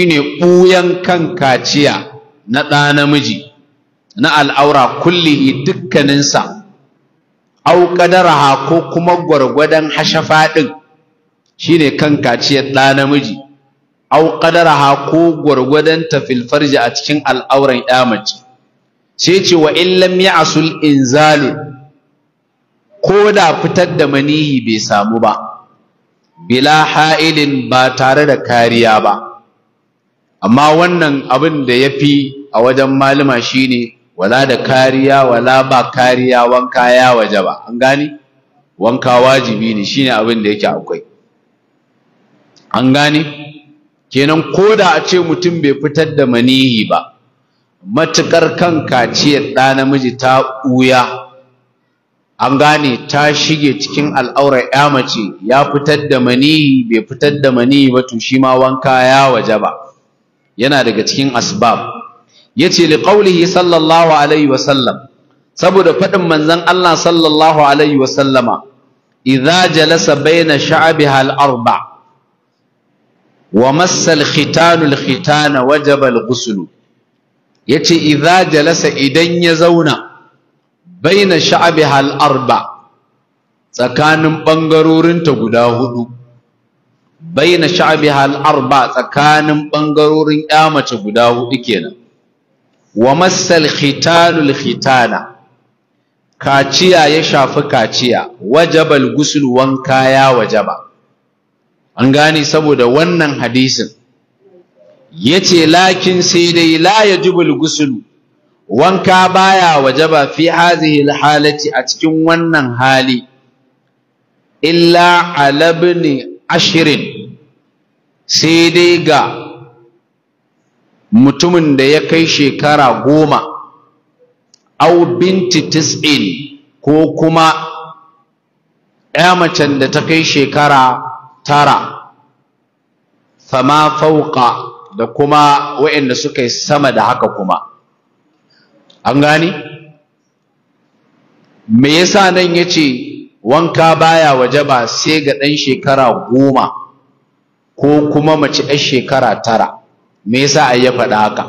ne ɓuyan kan kaciya na ɗa namiji na al'aura kullihi dukkaninsa au qadaraha ko kuma gwargwadon hashafa din shine kan kaciyar ɗa namiji au qadaraha ko gwargwadon ta fil farji a cikin al'auran ya mace sai ce wa in ya'sul inzalu ko da fitar da manihi bai samu ba bila ha'ilin ba tare da kariya ba amma wannan abin da yafi a wajen malama shine wala da kariya wala ba kariya wanka ya waje ba an gani wanka wajibi ne shine abin da yake akwai an gani kenan koda a ce mutum bai fitar da manihi ba matukar kan kaciyar ɗa namiji ta ɓuya an gane ta shige cikin al'aurar ya mace ya fitar da manihi bai fitar da manihi ba to shi wanka ya waje ba yana daga cikin asbab yace li qawlihi sallallahu alaihi wa sallam saboda fadin manzon Allah sallallahu alaihi wa sallama idza jalasa baina sha'biha al-arba' wa massal khitanul khitana wajaba al-ghusl yace idza jalasa idan ya zauna baina sha'biha al-arba tsakanin bangarorinta guda hudu baina sha'biha al-arba tsakanin bangarorin ya mace guda hudu kenan wa massal khitanul khitana kaciya ya shafi kaciya wajabal gusul wanka ya wajaba an gane saboda wannan hadisin yace lakin sai dai la yajibul gusul wanka baya wajaba fi hadhihi halati a cikin wannan hali illa ala ashirin sai dai ga mutumin da ya kai shekara goma au binti tis'in ko kuma ya macen da ta kai shekara tara fama fauka da kuma waɗanda suka yi sama da haka kuma an gani me yasa nan ya ce wanka baya waje ba sai ga ɗan shekara goma ko kuma mace 'yar shekara tara me yasa ai ya faɗa haka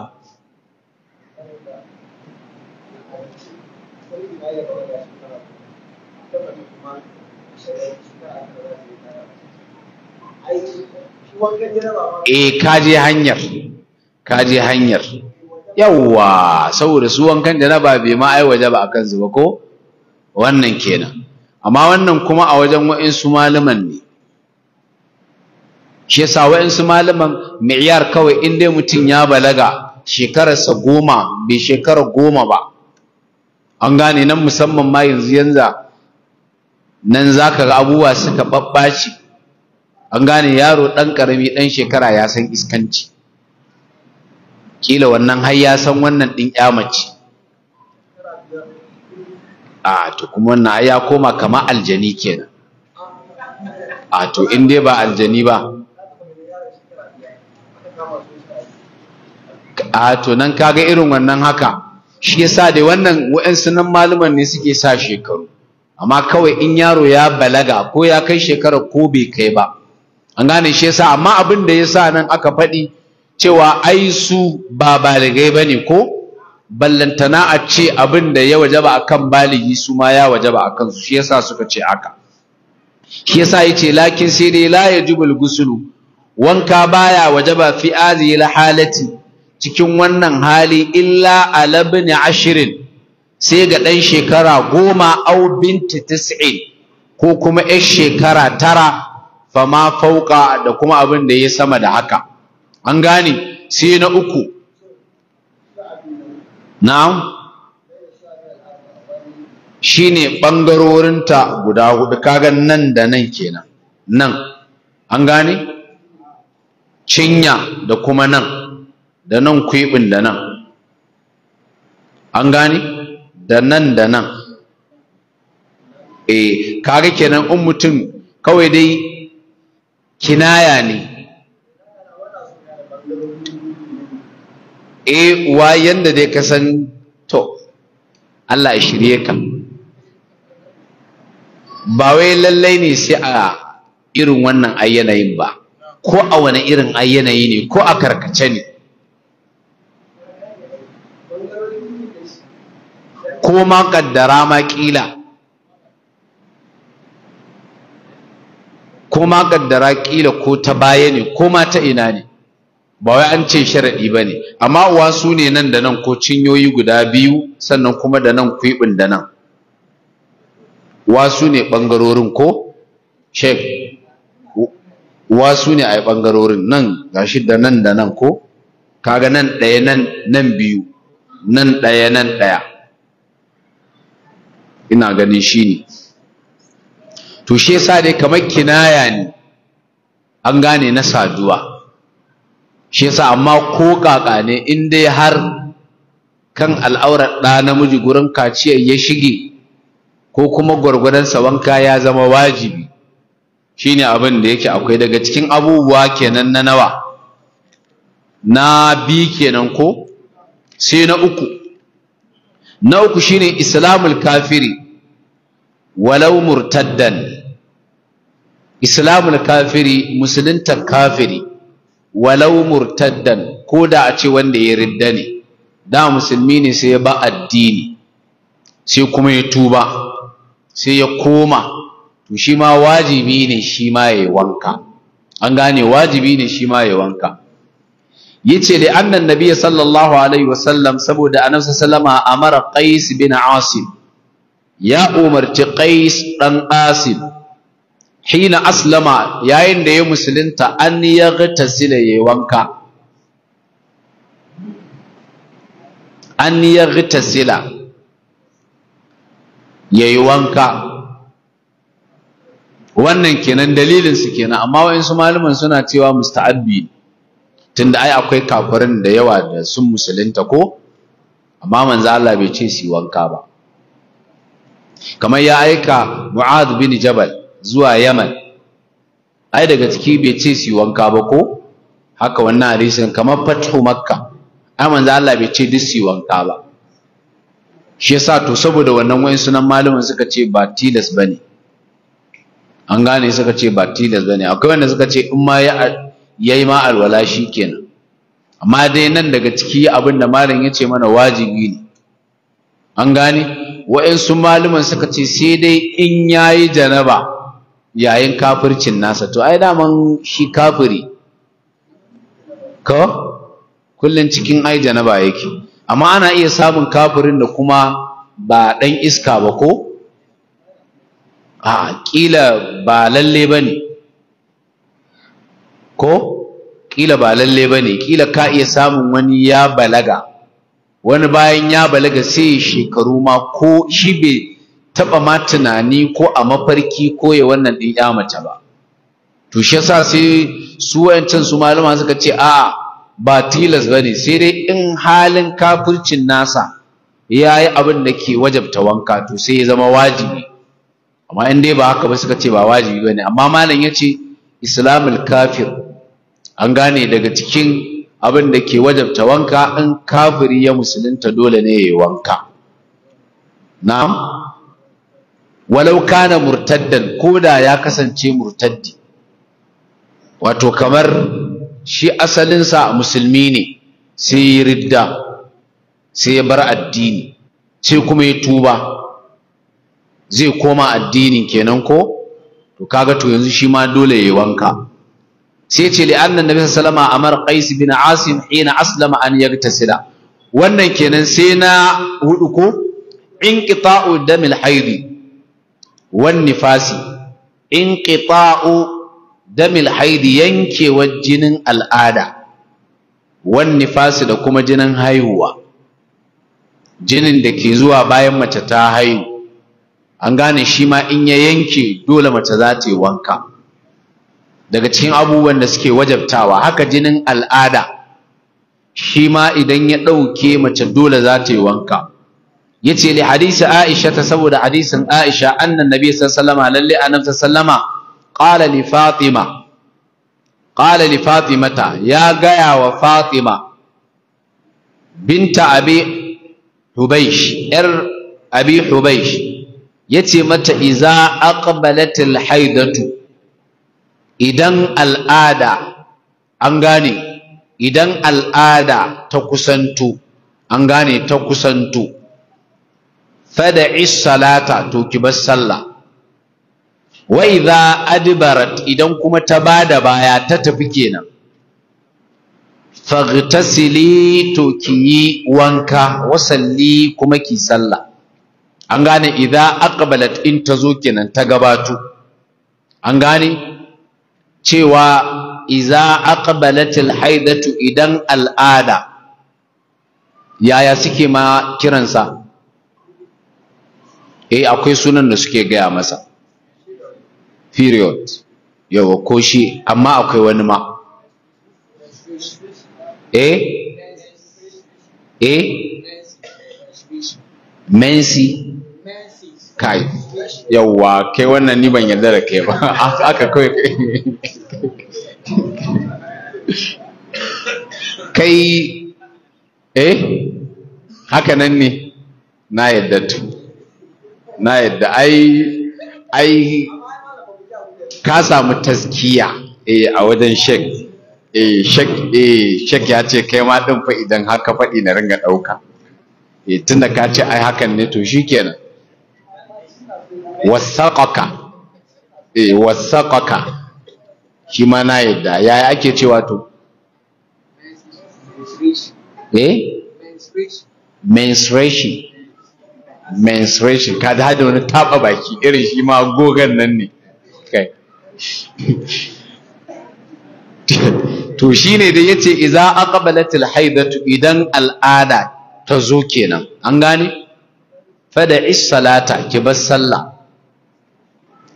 eh kaje hanyar kaje hanyar yawwa saboda su wankan da bai ma waje ba akan zuba ba ko wannan kenan amma wannan kuma a wajen wa'insu malaman ne shi yasa wayansu malaman mi'yar kawai in dai mutum ya balaga shekararsa goma bai shekara goma ba an gane nan musamman ma yanzu yanza nan za ka ga abubuwa suka babbaci an gane yaro ɗan ƙarami ɗan shekara ya san iskanci kila wannan har ya san wannan ɗin kyamace a to kuma wannan ya koma kama aljani kenan a to in dai ba aljani ba a to nan kaga irin wannan haka shi yasa dai wannan wa'ansu nan malaman ne suke sa shekaru amma kawai in yaro ya balaga ko ya kai shekara ko bai kai ba an gane shi yasa amma abin da yasa nan aka faɗi cewa ai su ba baligai bane ko ballantana a ce abin da ya wajaba akan baligi su ma ya wajaba akan su shi yasa suka ce haka shi yasa yace lakin sai dai la yajibul gusulu wanka baya wajaba fi azi halati cikin wannan hali illa alabni ashirin sai ga ɗan shekara goma au binti tis'in ko kuma 'yar shekara tara ma fauka da kuma abin da ya sama da haka an gane sai na uku na'am shine ɓangarorinta guda hudu kaga nan da nan kenan nan an gane cinya da kuma nan da nan kwiɓin da nan an gane da nan da nan e kaga kenan in mutum kawai dai kinaya ne e eh, wa yanda dai ka san to Allah ya shirye ka ba wai lallai ne sai a irin wannan ayyanayin ba ko a wani irin ayyanayi ne ko a karkace ne ko ma kaddara ma kila ko ma kaddara kila ko ta baya ne ko ma ta ina ne ba wai an ce sharadi ba ne amma uwa su ne nan da nan ko cinyoyi guda biyu sannan kuma da nan kwiɓin da nan uwa su ne ɓangarorin ko shek uwa su ne a ɓangarorin nan gashi da nan da nan ko kaga nan ɗaya nan nan biyu nan ɗaya nan ɗaya ina ganin shi ne to shi yasa dai kamar kinaya ne an gane na saduwa shi yasa amma ko kaka ne in dai har kan al'aurar ɗa namiji gurin kaciyar ya shige ko kuma gwargwadonsa wanka ya zama wajibi shine abin da yake akwai daga cikin abubuwa kenan na nawa na bi kenan ko sai na uku na uku shine islamul kafiri walau murtaddan islamul kafiri musulunta kafiri walau murtaddan ko da a ce wanda ya ridda ne da musulmi ne sai ya ba addini sai kuma ya tuba sai ya koma to shi ma wajibi ne shi ma ya yi wanka an gane wajibi ne shi ma ya yi wanka yace da annan nabi sallallahu alaihi wasallam saboda annabi sallama amara qais bin asim ya umarci qais dan asim hina aslama yayin da ya musulunta an ya gtasila yayi wanka an ya gtasila yayi wanka wannan kenan dalilinsu kenan amma su malaman suna cewa musta'abbi tunda ai akwai kafirin da yawa da sun musulunta ko amma manzo Allah bai ce su wanka ba kamar ya aika Mu'ad bin Jabal zuwa Yaman ai daga ciki bai ce su wanka ba ko haka wannan hadisin kamar fathu Makka ai manzo Allah bai ce duk su wanka ba shi yasa to saboda wannan wayin sunan malamin suka ce ba tilas bane an gane suka ce ba tilas bane akwai wanda suka ce in ma ya yayi ma shi kenan. amma dai nan daga ciki abin da malam ya ce mana wajibi ne an gane wayansu malaman suka ce sai dai in ya yi janaba yayin kafircin nasa to ai daman shi kafiri ko kullum cikin ai janaba yake amma ana iya samun kafirin da kuma ba ɗan iska ba ko a ƙila ba lalle ba ne ko kila ba lalle ba ne kila ka iya samun wani ya balaga wani bayan ya balaga sai shekaru ma ko shi bai taɓa ma tunani ko a mafarki ko ya wannan ɗin ya mace ba to shi yasa sai su wayancan su malama suka ce a ba tilas ba ne sai dai in halin kafircin nasa ya yi abin da ke wajabta wanka to sai ya zama wajibi amma in dai ba haka ba suka ce ba wajibi ba ne amma malam ya ce islamul kafir an gane daga cikin abin da ke wajabta wanka in kafiri ya musulunta dole ne ya yi wanka na'am walau kana murtaddan ko da ya kasance murtaddi wato kamar shi asalinsa musulmi ne sai ya ridda sai ya bar addini sai kuma ya tuba zai koma addinin kenan ko to kaga to yanzu shi ma dole ya yi wanka sai ce li annan nabi sallama amar qais bin asim hina aslama an yagtasila wannan kenan sai na hudu ko inqita'u damil haidi wan nifasi inqita'u damil haidi yankewar jinin al'ada wan nifasi da kuma jinin haihuwa jinin da ke zuwa bayan mace ta haihu an gane shi ma in ya yanke dole mace za ta yi wanka daga cikin abubuwan da suke wajabtawa haka jinin al'ada shi ma idan ya ɗauke mace dole za ta yi wanka ya ce li hadisi aisha ta saboda hadisin aisha annan nabi sallama lalle annabi sallama qala li fatima qala li fatimata ya gaya wa fatima binta abi hubaish yar abi hubaish yace mata iza aqbalatil haidatu idan al'ada an gane idan al'ada ta kusantu an gane ta kusantu fada'is salata to ki bar sallah wa idza adbarat idan kuma ta bada baya ta tafi kenan faghtasili to ki yi wanka wasalli kuma ki sallah an gane idza aqbalat in tazo kenan ta gabato an gane cewa iza aqbalatil haidatu idan al'ada yaya suke ma kiransa eh akwai sunan da suke gaya masa period yawa ko shi amma akwai wani ma eh eh mensi kai yawwa kai wannan ni ban yarda da kai ba aka kai kai eh haka nan ne na yarda tu na yadda ai ai ka samu taskiya eh a wajen shek eh shek eh shek ya ce kai ma din fa idan haka faɗi na ringa ɗauka eh tunda ka ce ai hakan ne to shikenan wasaƙaƙa eh wasaƙaƙa shi ma na yadda yaya ake cewa to eh menstruation menstruation ka da hada wani taɓa baki irin shi ma gogan nan ne kai to ne da yace idza aqbalatil haidatu idan al'ada ta zo kenan an gane fada is salata ki bar sallah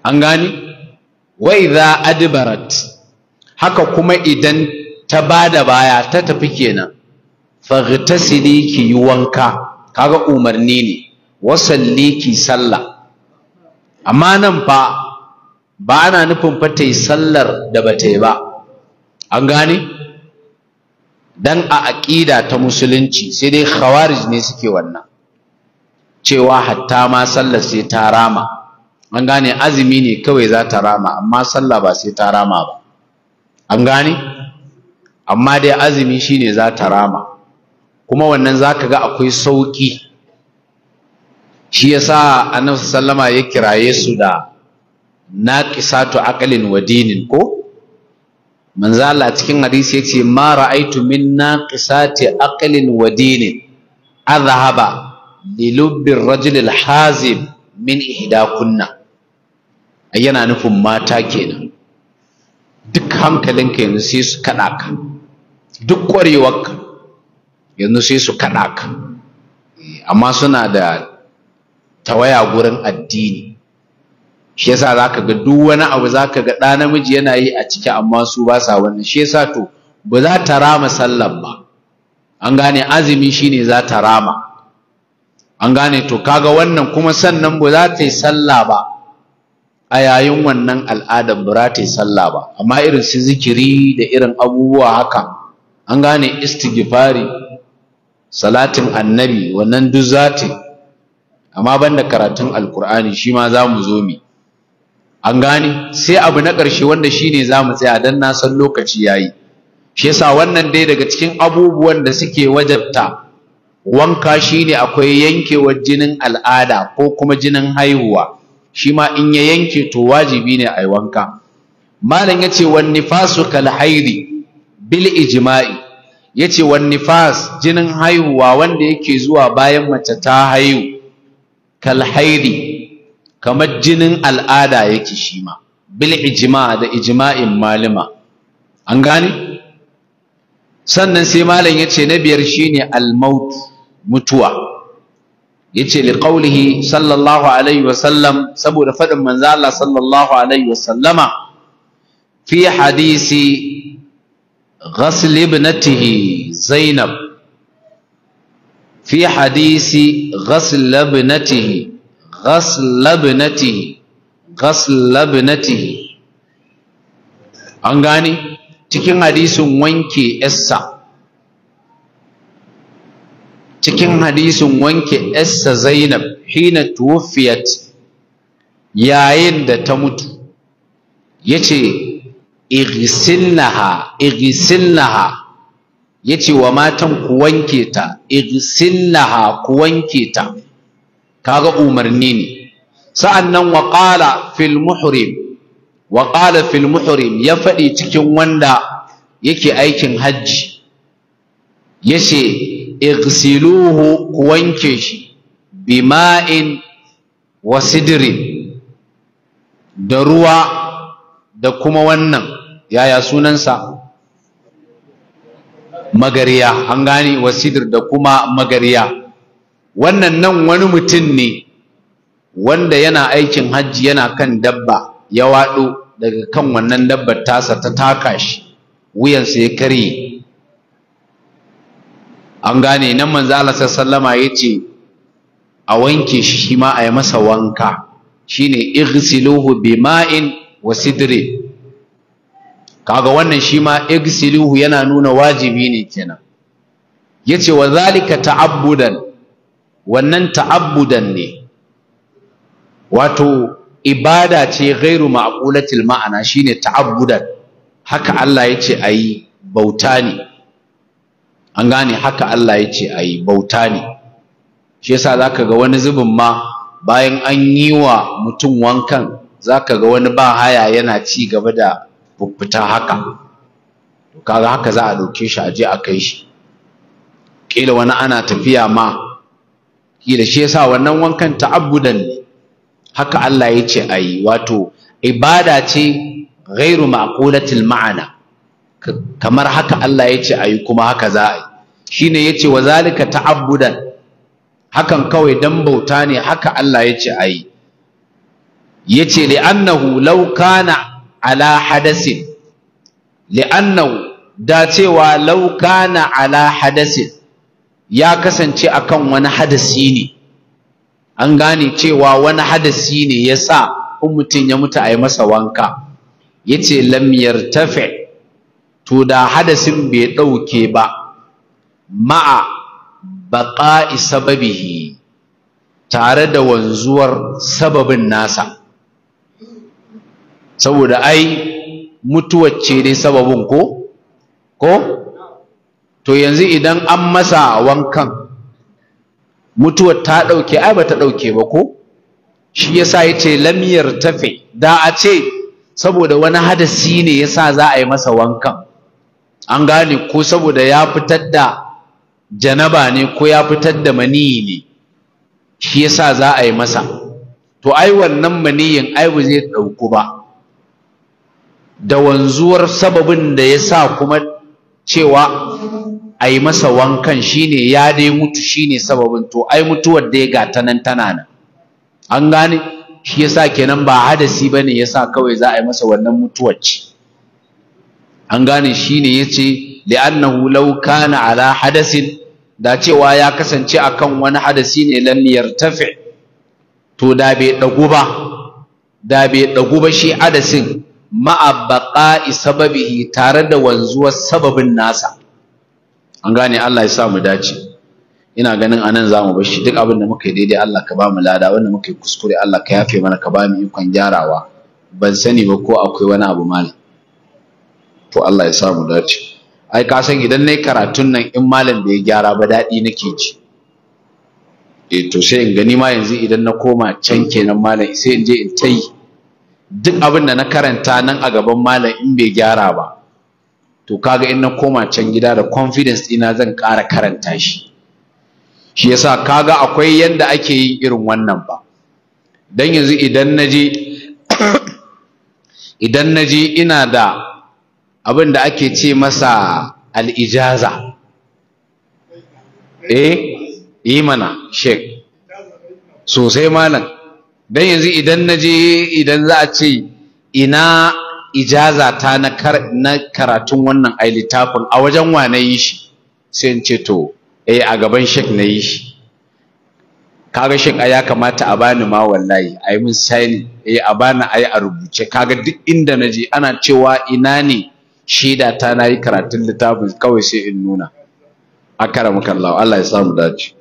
an gani, wa idza adbarat haka kuma idan ta ba da baya ta tafi kenan faghtasili ki yi wanka kaga umarni ne wasalli ki sallah amma nan fa ba ana nufin fa ta yi sallar da ba ta yi ba an gani, dan a aƙida ta musulunci sai dai khawarij ne suke wannan cewa hatta ma sallar sai ta rama an gane azumi ne kawai za ta rama amma sallah ba sai ta rama ba an gane amma dai azumi shine za ta rama kuma wannan za ka ga akwai sauƙi shi ya sa annabi sallama ya kiraye su da naqisatu aqlin wa dinin ko Manzala cikin hadisi ce ma ra'aytu min naqisati aqlin wa dinin adhaba lilubbi lubbi rajul al-hazim min ihdakunna yana nufin mata kenan duk hankalinka yanzu sai su kaɗa ka duk ƙwarewarka yanzu sai su kaɗa ka eh, amma suna da tawaya gurin addini shi yasa zaka ga duk wani abu zaka ga ɗa namiji yana yi a ciki amma su ba sa wannan shi yasa to ba za ta rama sallan ba an gane azumi shine za ta rama an gane to kaga wannan kuma sannan ba za ta yi sallah ba a yayin wannan al'adar ba ta yi sallah ba amma irin su zikiri da irin abubuwa haka an gane istighfari salatin annabi wannan duk zatin amma banda karatun alkur'ani shi ma za mu zo mi an gane sai abu na ƙarshe wanda shi ne za mu tsaya don na san lokaci ya yi shi yasa wannan dai daga cikin abubuwan da suke wajabta wanka shine akwai yankewar jinin al'ada ko kuma jinin haihuwa shi ma in ya yanke to wajibi ne a yi wanka malam ya ce wan nifasu kal haidi bil ijma'i ya ce wan nifas jinin haihuwa wanda yake zuwa bayan mace ta haihu kal haidi kamar jinin al'ada yake shi ma bil ijma da ijma'in malima an gane sannan sai malam ya ce na biyar shine al maut mutuwa yace li qawlihi sallallahu alaihi wasallam saboda fadin manzo Allah sallallahu alaihi wasallama fi hadisi ghasl ibnatihi Zainab fi hadisi ghasl ibnatihi ghasl ibnatihi ghasl ibnatihi an gani? cikin hadisin wanke yassa cikin hadisin wanke Essa Zainab hina tuwafiyat yayin da ta mutu ya yace igsilnaha ya ce wa matan ku wanke ta igsilnaha ku wanke ta kaga umarni ne sa'annan wa qala fil muhrim wa ya faɗi cikin wanda yake aikin hajji ya ce. igsiluhu ku wanke shi bima'in wa sidirin da ruwa da kuma wannan yaya sunansa magariya an gane wa sidir da kuma magariya wannan nan wani mutum ne wanda yana aikin hajji yana kan dabba ya waɗo daga kan wannan dabbar tasa ta taka shi wuyansa ya karye an gane nan manzo Allah sallama yace a wanke shi ma a yi masa wanka shine igsiluhu bima'in wa sidri kaga wannan shi ma igsiluhu yana nuna wajibi ne kenan yace wa zalika ta'abbudan wannan ta'abbudan ne wato ibada ce ghairu ma'qulatil ma'ana shine ta'abbudan haka Allah yace ayi bauta ne an gane haka Allah ya ce a yi bauta ne shi yasa za ka ga wani zubin ma bayan an yi wa mutum wankan za ka ga wani ba haya yana ci gaba da fuffuta haka to kaga haka za a ɗauke shi a je a kai shi ƙila wani ana tafiya ma ƙila shi yasa wannan wankan ta'abbudan ne haka Allah ya ce a yi wato ibada ce ghairu ma'qulatil ma'ana kamar haka Allah ya ce a yi kuma haka za a yi shine yace Wazalika zalika ta'abbudan hakan kawai dan bauta ne haka Allah yace ayi yace li'annahu law kana ala hadasin li'annahu da cewa law kana ala hadasin ya kasance akan wani hadasi ne an gane cewa wani hadasi ne ya sa in mutum ya mutu a yi masa wanka yace ce lam yartafi to da hadasin bai ɗauke ba ma'a baƙa'i sababihi tare da wanzuwar sababin nasa saboda ai mutuwar ce dai sababin ko ko to yanzu idan an masa wankan mutuwar ta ɗauke ai ba ta ɗauke ba ko shi yasa ya ce lamiyar tafe da a ce saboda wani hadasi ne yasa za a yi masa wankan an gane ko saboda ya fitar da janaba ne ko ya fitar da maniyi ne shi yasa za a yi masa to ai wannan maniyin ai ba zai ɗauku ba da wanzuwar sababin da ya sa kuma cewa a yi masa wankan shine ya dai mutu shine sababin to ai mutuwar da ya gata nan tana nan an gane shi yasa kenan ba hadasi bane yasa kawai za a yi masa wannan mutuwar ce an gane shine yace li'annahu law kana ala hadasin da cewa ya kasance akan wani hadasi ne lam yartafi to da bai dagu ba da bai dagu ba shi hadasin ma'a baqa'i sababihi tare da wanzuwar sababin nasa an gane Allah ya sa mu dace ina ganin anan zamu bar shi duk abin da muka yi daidai Allah ka bamu lada wanda muka yi kuskure Allah ka yafe mana ka bamu ikon gyarawa ban sani ba ko akwai wani abu mali. to Allah ya sa mu dace ai ka san idan nayi karatun nan in malam ya gyara ba daɗi nake ji eh to sai in gani ma yanzu idan na koma can kenan malam sai in je in ta duk abin da na karanta nan a gaban malam in bai gyara ba to kaga in na koma can gida da confidence ɗina zan ƙara karanta shi shi yasa kaga akwai yanda ake yin irin wannan ba dan yanzu idan naje idan naje ina da abin da ake ce masa al'ijaza eh yi mana shek sosai malam don yanzu idan na je idan za a ce ina ijaza ta na karatun wannan ai littafin a wajen wa na yi shi sai in ce to eh a gaban shek na yi shi kaga shek a ya kamata a bani ma wallahi a yi mun sani eh a bani yi a rubuce kaga duk inda na je ana cewa ina ne Shida ta na yi karatun littafin kawai sai in nuna akara muka Allah Allah ya samu dace